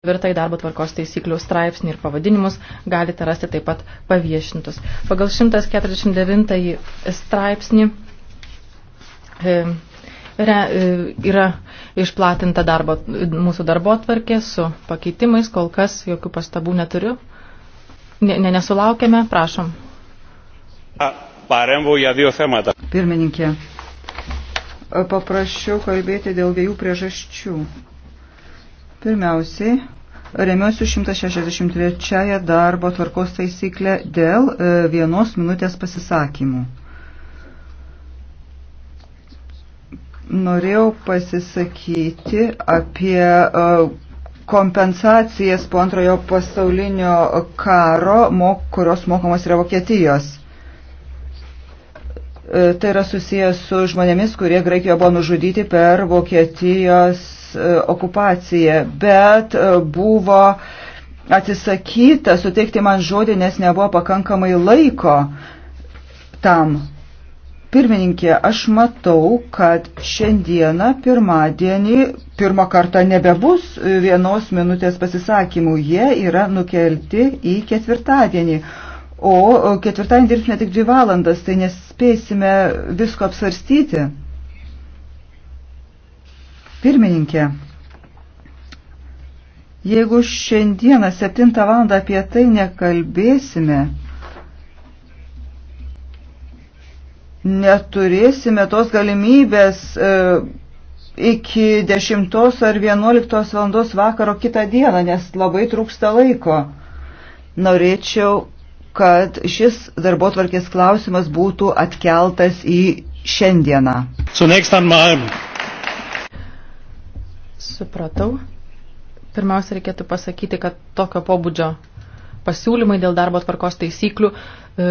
Tvirtai darbo tvarkos taisyklių straipsnį ir pavadinimus galite rasti taip pat paviešintus. Pagal 149 straipsnį e, re, e, yra išplatinta darbo, mūsų darbo tvarkė su pakeitimais, kol kas jokių pastabų neturiu. Ne, ne, nesulaukėme, prašom. Pirmininkė, paprašiau kalbėti dėl dviejų priežasčių. Pirmiausiai, remiuosiu 163 darbo tvarkos taisyklę dėl e, vienos minutės pasisakymų. Norėjau pasisakyti apie e, kompensacijas po antrojo pasaulinio karo, kurios mokamos yra Vokietijos. E, tai yra susijęs su žmonėmis, kurie Graikijoje buvo nužudyti per Vokietijos E, okupacija, bet e, buvo atsisakyta suteikti man žodį, nes nebuvo pakankamai laiko tam. Pirmininkė, aš matau, kad šiandieną, pirmadienį, pirmą kartą nebebus vienos minutės pasisakymų. Jie yra nukelti į ketvirtadienį. O ketvirtadienį dirbsime tik dvi valandas, tai nespėsime visko apsvarstyti. Pirmininkė, jeigu šiandieną 7 val. apie tai nekalbėsime, neturėsime tos galimybės e, iki 10 ar 11 val. vakaro kitą dieną, nes labai trūksta laiko. Norėčiau, kad šis darbo tvarkės klausimas būtų atkeltas į šiandieną. Zunächst einmal Supratau. Pirmiausia, reikėtų pasakyti, kad tokio pobūdžio pasiūlymai dėl darbo tvarkos taisyklių, e,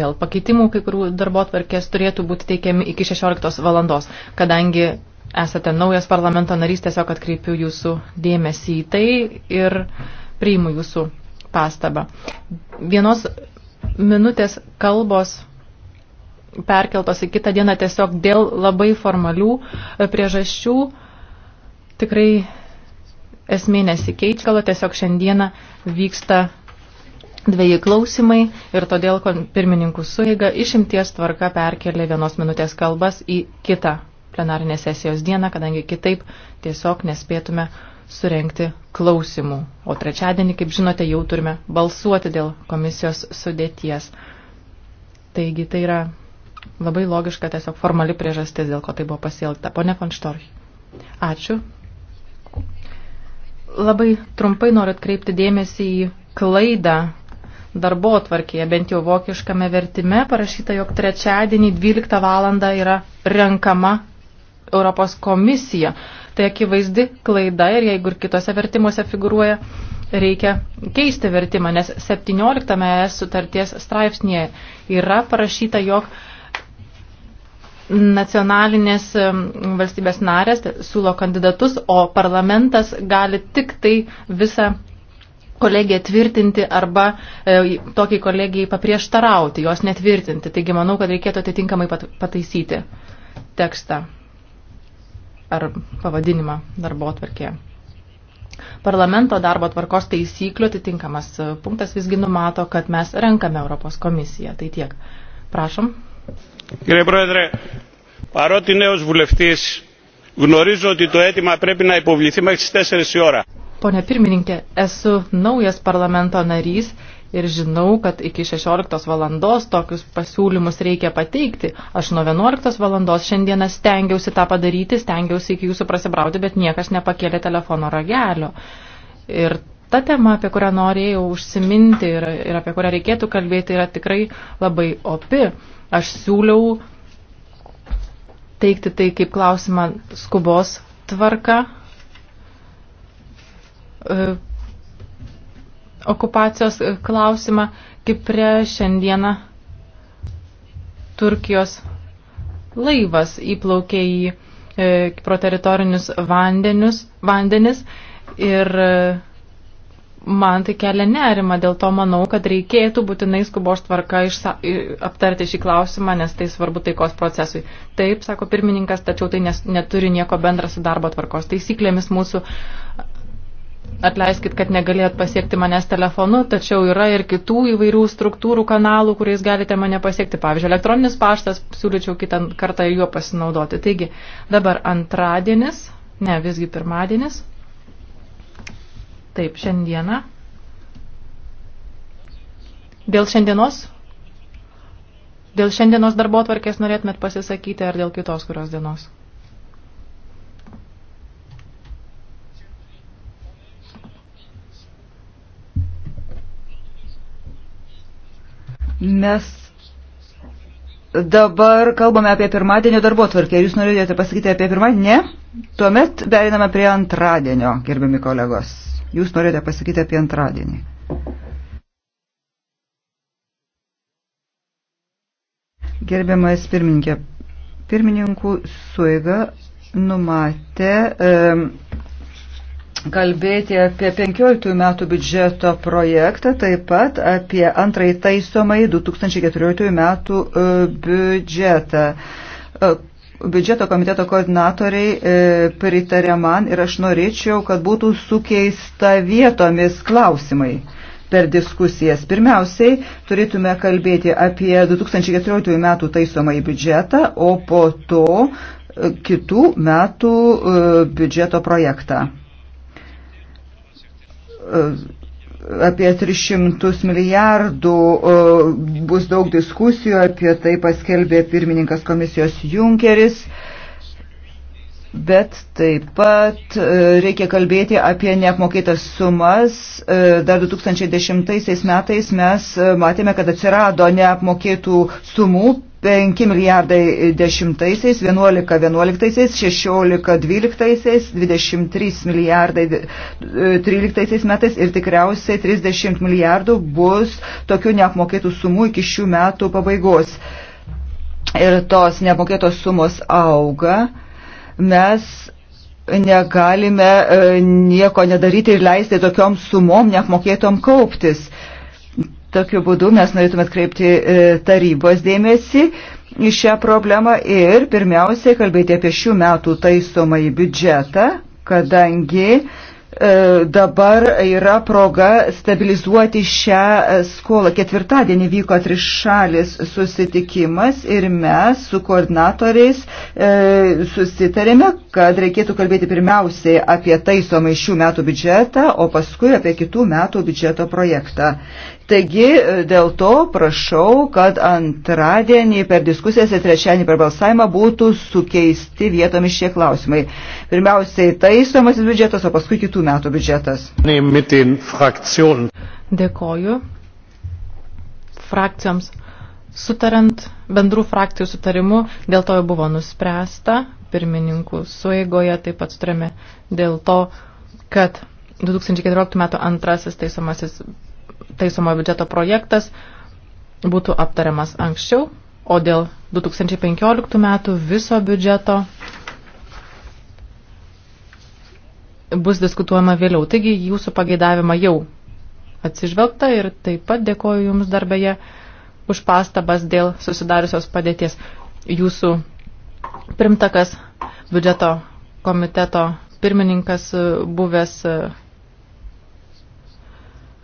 dėl pakeitimų kai kurių darbo tvarkės turėtų būti teikiami iki 16 valandos, kadangi esate naujas parlamento narys, tiesiog atkreipiu jūsų dėmesį į tai ir priimu jūsų pastabą. Vienos minutės kalbos perkeltos į kitą dieną tiesiog dėl labai formalių e, priežasčių tikrai esmė nesikeičia, gal tiesiog šiandieną vyksta dviejai klausimai ir todėl pirmininkų sueiga išimties tvarka perkelė vienos minutės kalbas į kitą plenarinę sesijos dieną, kadangi kitaip tiesiog nespėtume surenkti klausimų. O trečiadienį, kaip žinote, jau turime balsuoti dėl komisijos sudėties. Taigi tai yra labai logiška, tiesiog formali priežastis, dėl ko tai buvo pasielgta. Pone Fonštorch, ačiū. Labai trumpai noriu atkreipti dėmesį į klaidą darbo tvarkėje, bent jau vokiškame vertime parašyta, jog trečiadienį 12 valandą yra renkama Europos komisija. Tai akivaizdi klaida ir jeigu ir kitose vertimuose figuruoja, reikia keisti vertimą, nes 17 es sutarties straipsnėje yra parašyta, jog nacionalinės valstybės narės siūlo kandidatus, o parlamentas gali tik tai visą kolegiją tvirtinti arba e, tokiai kolegijai paprieštarauti, jos netvirtinti. Taigi manau, kad reikėtų atitinkamai pat, pataisyti tekstą ar pavadinimą darbo atvarkėje. Parlamento darbo tvarkos taisyklių atitinkamas e, punktas visgi numato, kad mes renkame Europos komisiją. Tai tiek. Prašom. Κύριε Πρόεδρε, παρότι νέος βουλευτής γνωρίζω ότι το αίτημα πρέπει να υποβληθεί μέχρι τις 4 η ώρα. Pone pirmininkė, esu naujas parlamento narys ir žinau, kad iki 16 valandos tokius pasiūlymus reikia pateikti. Aš nuo 11 valandos šiandieną stengiausi tą padaryti, stengiausi iki jūsų prasibrauti, bet niekas nepakėlė telefono ragelio. Ir ta tema, apie kurią norėjau užsiminti ir, ir apie kurią reikėtų kalbėti, yra tikrai labai opi. Aš siūliau teikti tai kaip klausimą skubos tvarka e, okupacijos klausimą, kaip prie šiandieną Turkijos laivas įplaukė į e, proteritorinius vandenius, vandenis ir e, man tai kelia nerima, dėl to manau, kad reikėtų būtinai skubos tvarka išsa, aptarti šį klausimą, nes tai svarbu taikos procesui. Taip, sako pirmininkas, tačiau tai nes, neturi nieko bendra su darbo tvarkos taisyklėmis mūsų. Atleiskit, kad negalėjot pasiekti manęs telefonu, tačiau yra ir kitų įvairių struktūrų kanalų, kuriais galite mane pasiekti. Pavyzdžiui, elektroninis paštas, siūlyčiau kitą kartą juo pasinaudoti. Taigi, dabar antradienis, ne, visgi pirmadienis, Taip, šiandieną. Dėl šiandienos? Dėl šiandienos darbo atvarkės norėtumėt pasisakyti ar dėl kitos kurios dienos? Mes dabar kalbame apie pirmadienio darbo tvarkę. Jūs norėjote pasakyti apie pirmadienį? Ne? Tuomet periname prie antradienio, gerbiami kolegos jūs norėjote pasakyti apie antradienį. Gerbiamas pirmininkė, pirmininkų suiga numatė e, kalbėti apie 15 metų biudžeto projektą, taip pat apie antrąjį taisomąjį 2014 metų e, biudžetą. E, biudžeto komiteto koordinatoriai e, pritarė man ir aš norėčiau, kad būtų sukeista vietomis klausimai per diskusijas. Pirmiausiai turėtume kalbėti apie 2014 metų taisomąjį biudžetą, o po to e, kitų metų e, biudžeto projektą apie 300 milijardų bus daug diskusijų, apie tai paskelbė pirmininkas komisijos Junkeris. Bet taip pat e, reikia kalbėti apie neapmokėtas sumas. E, dar 2010 metais mes e, matėme, kad atsirado neapmokėtų sumų 5 milijardai 10, 11, 11, 16, 12, 23 milijardai 13 metais ir tikriausiai 30 milijardų bus tokių neapmokėtų sumų iki šių metų pabaigos. Ir tos neapmokėtos sumos auga mes negalime e, nieko nedaryti ir leisti tokiom sumom neapmokėtom kauptis. Tokiu būdu mes norėtume atkreipti e, tarybos dėmesį į šią problemą ir pirmiausiai kalbėti apie šių metų taisomąjį biudžetą, kadangi uh, E, dabar yra proga stabilizuoti šią e, skolą. Ketvirtadienį vyko trišalis susitikimas ir mes su koordinatoriais e, susitarėme, kad reikėtų kalbėti pirmiausiai apie taisomą šių metų biudžetą, o paskui apie kitų metų biudžeto projektą. Taigi e, dėl to prašau, kad antradienį per diskusijas ir trečiadienį per balsavimą būtų sukeisti vietomis šie klausimai. Pirmiausiai taisomasis biudžetas, o paskui kitų kitų metų biudžetas. Dėkoju frakcijoms. Sutarant bendrų frakcijų sutarimu, dėl to jau buvo nuspręsta pirmininkų sueigoje, taip pat sutarėme dėl to, kad 2014 metų antrasis taisomasis taisomo biudžeto projektas būtų aptariamas anksčiau, o dėl 2015 metų viso biudžeto bus diskutuojama vėliau. Taigi jūsų pageidavimą jau atsižvelgta ir taip pat dėkoju Jums darbėje už pastabas dėl susidariusios padėties. Jūsų primtakas biudžeto komiteto pirmininkas buvęs e,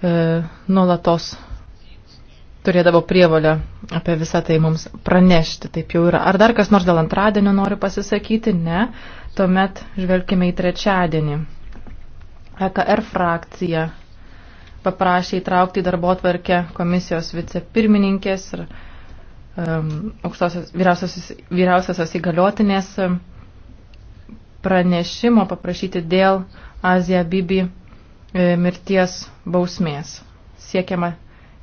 e nuolatos turėdavo prievalę apie visą tai mums pranešti. Taip jau yra. Ar dar kas nors dėl antradienio nori pasisakyti? Ne. Tuomet žvelgime į trečiadienį. EKR er frakcija paprašė įtraukti į darbo tvarkę komisijos vicepirmininkės ir um, aukštosios, vyriausiosios, vyriausiosios įgaliotinės um, pranešimo paprašyti dėl Azija Bibi e, mirties bausmės. Siekiama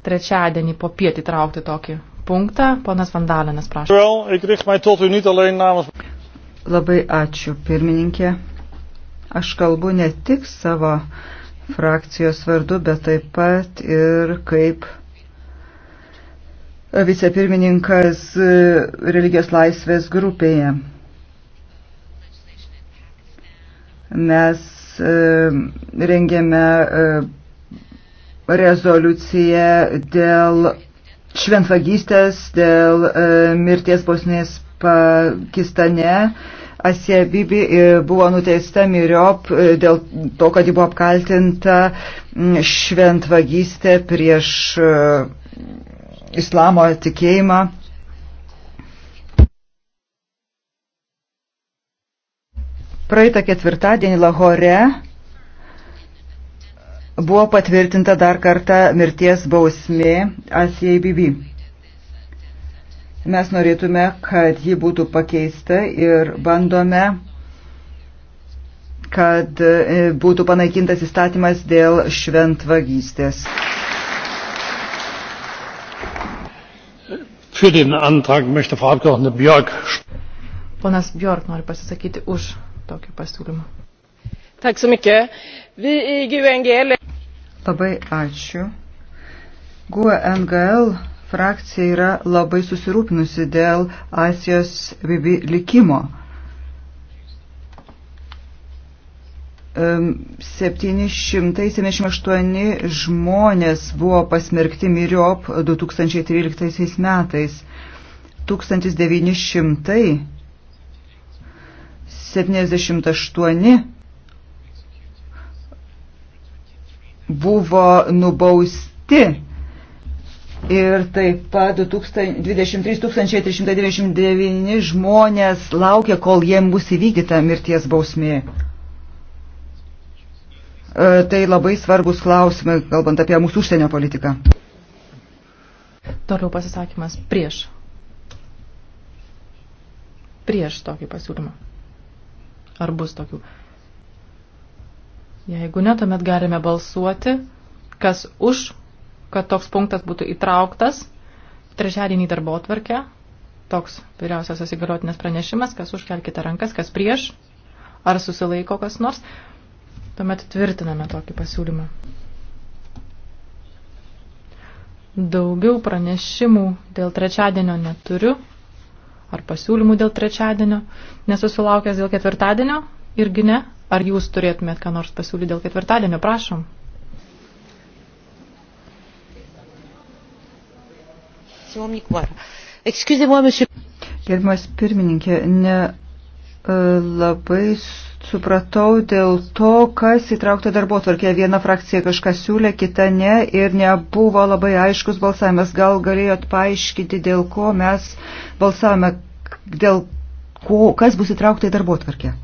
trečiadienį po pietį traukti tokį punktą. Ponas Vandalinas, prašau. Labai ačiū, pirmininkė. Aš kalbu ne tik savo frakcijos vardu, bet taip pat ir kaip vicepirmininkas e, religijos laisvės grupėje. Mes e, rengėme e, rezoliuciją dėl šventvagystės, dėl e, mirties bausmės Pakistane. Asija Bibi e, buvo nuteista miriop e, dėl to, kad ji buvo apkaltinta šventvagystė prieš e, islamo tikėjimą. Praeitą ketvirtadienį Lahore Buvo patvirtinta dar kartą mirties bausmė ACABB. Mes norėtume, kad ji būtų pakeista ir bandome, kad e, būtų panaikintas įstatymas dėl šventvagystės. Für den Antrag möchte Frau Abgeordnete Björk. Ponas Björk nori pasisakyti už tokį pasiūlymą. Tack så mycket. Labai ačiū. GUE NGL frakcija yra labai susirūpinusi dėl Asijos Bibi likimo. 778 žmonės buvo pasmerkti miriop 2013 metais. 1978 buvo nubausti. Ir taip pat 23 399 žmonės laukia, kol jiem bus įvykdyta mirties bausmė. E, tai labai svarbus klausimai, kalbant apie mūsų užsienio politiką. Toliau pasisakymas prieš. Prieš tokį pasiūlymą. Ar bus tokių? Jeigu ne, tuomet galime balsuoti, kas už, kad toks punktas būtų įtrauktas trečiadienį darbo atvarkę. Toks vyriausiasis įgaliotinės pranešimas, kas užkelkite rankas, kas prieš, ar susilaiko kas nors. Tuomet tvirtiname tokį pasiūlymą. Daugiau pranešimų dėl trečiadienio neturiu, ar pasiūlymų dėl trečiadienio, nesusilaukęs dėl ketvirtadienio irgi ne. Ar jūs turėtumėt ką nors pasiūlyti dėl ketvirtadienio? Prašom. Gerbimas pirmininkė, ne e, labai supratau dėl to, kas įtraukta darbo tvarkė. Viena frakcija kažką siūlė, kita ne ir nebuvo labai aiškus balsavimas. Gal galėjot paaiškinti, dėl ko mes balsavome, dėl ko, kas bus įtraukta į darbo tvarkę?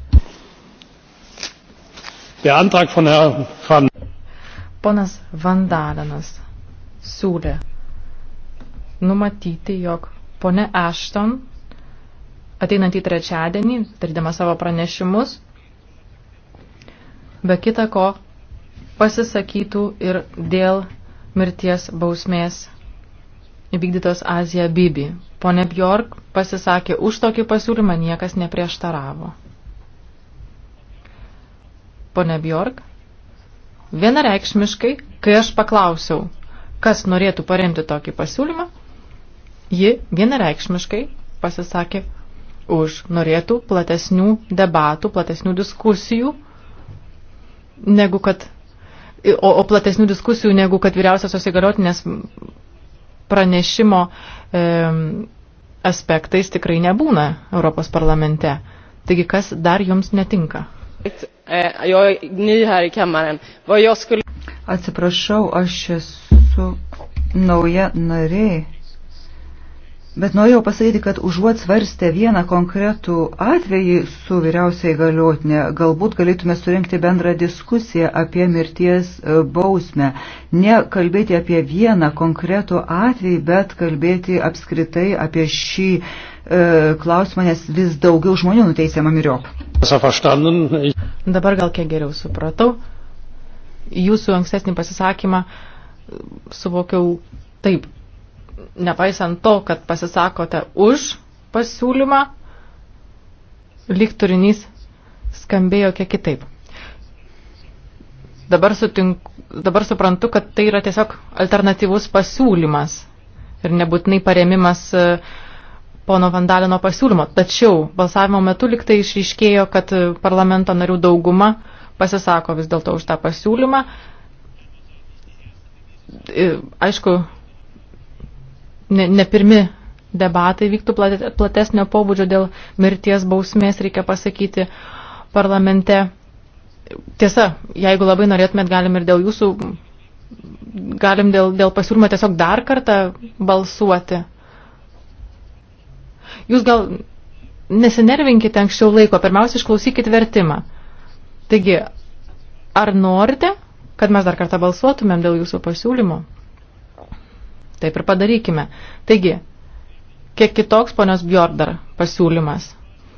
Der Antrag von Herrn van Ponas Vandalinas siūlė numatyti, jog ponė Ashton ateinantį trečiadienį, darydama savo pranešimus, be kita ko pasisakytų ir dėl mirties bausmės įvykdytos Azija Bibi. Pone Bjork pasisakė už tokį pasiūlymą, niekas neprieštaravo. Pone Bjork, vienareikšmiškai, kai aš paklausiau, kas norėtų paremti tokį pasiūlymą, ji vienareikšmiškai pasisakė už norėtų platesnių debatų, platesnių diskusijų, negu kad, o, o platesnių diskusijų negu kad vyriausiasios įgaliotinės pranešimo e, aspektais tikrai nebūna Europos parlamente. Taigi kas dar jums netinka? It's Eh, jag är ny här i kammaren. Vad jag skulle... Atsiprašau, aš esu nauja narė. Bet norėjau pasakyti, kad užuot svarstę vieną konkretų atvejį su vyriausiai galiotinė, galbūt galėtume surinkti bendrą diskusiją apie mirties e, bausmę. Ne kalbėti apie vieną konkretų atvejį, bet kalbėti apskritai apie šį E, klausimą, nes vis daugiau žmonių nuteisiama miriop. Dabar gal kiek geriau supratau. Jūsų ankstesnį pasisakymą suvokiau taip. Nepaisant to, kad pasisakote už pasiūlymą, lyg turinys skambėjo kiek kitaip. Dabar, sutink, dabar suprantu, kad tai yra tiesiog alternatyvus pasiūlymas ir nebūtinai paremimas uh, pono Vandalino pasiūlymo. Tačiau balsavimo metu liktai išryškėjo, kad parlamento narių dauguma pasisako vis dėlto už tą pasiūlymą. E, aišku, ne, ne pirmi debatai vyktų platesnio pobūdžio dėl mirties bausmės, reikia pasakyti, parlamente. Tiesa, jeigu labai norėtumėt, galim ir dėl jūsų, galim dėl, dėl pasiūlymo tiesiog dar kartą balsuoti Jūs gal nesinervinkite anksčiau laiko, pirmiausia, išklausykite vertimą. Taigi, ar norite, kad mes dar kartą balsuotumėm dėl jūsų pasiūlymo? Taip ir padarykime. Taigi, kiek kitoks ponios Bjordar pasiūlymas.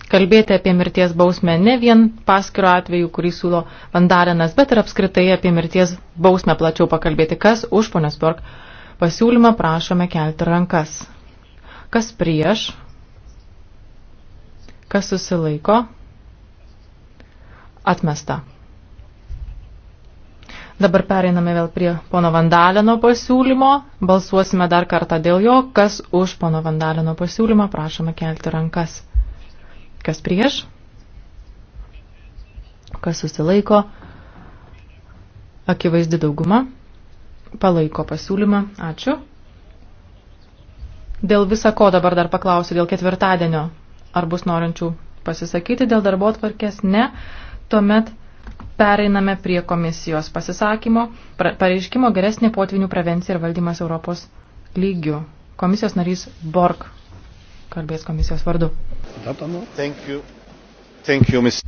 Kalbėti apie mirties bausmę ne vien paskiro atveju, kurį siūlo Vandarinas, bet ir apskritai apie mirties bausmę plačiau pakalbėti. Kas už ponios Bjork pasiūlymą prašome kelti rankas? Kas prieš? Kas susilaiko? Atmesta. Dabar pereiname vėl prie pono Vandalino pasiūlymo. Balsuosime dar kartą dėl jo. Kas už pono Vandalino pasiūlymą, prašome kelti rankas. Kas prieš? Kas susilaiko? Akivaizdi dauguma. Palaiko pasiūlymą. Ačiū. Dėl visa ko dabar dar paklausiu, dėl ketvirtadienio Ar bus norinčių pasisakyti dėl darbo atvarkės? Ne. Tuomet pereiname prie komisijos pasisakymo, pareiškimo geresnė potvinių prevencija ir valdymas Europos lygių. Komisijos narys Borg kalbės komisijos vardu. Thank you. Thank you, Ms.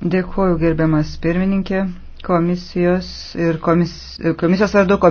Dėkuoju gerbiamas pirmininkė komisijos ir komis, komisijos vardu komisijos.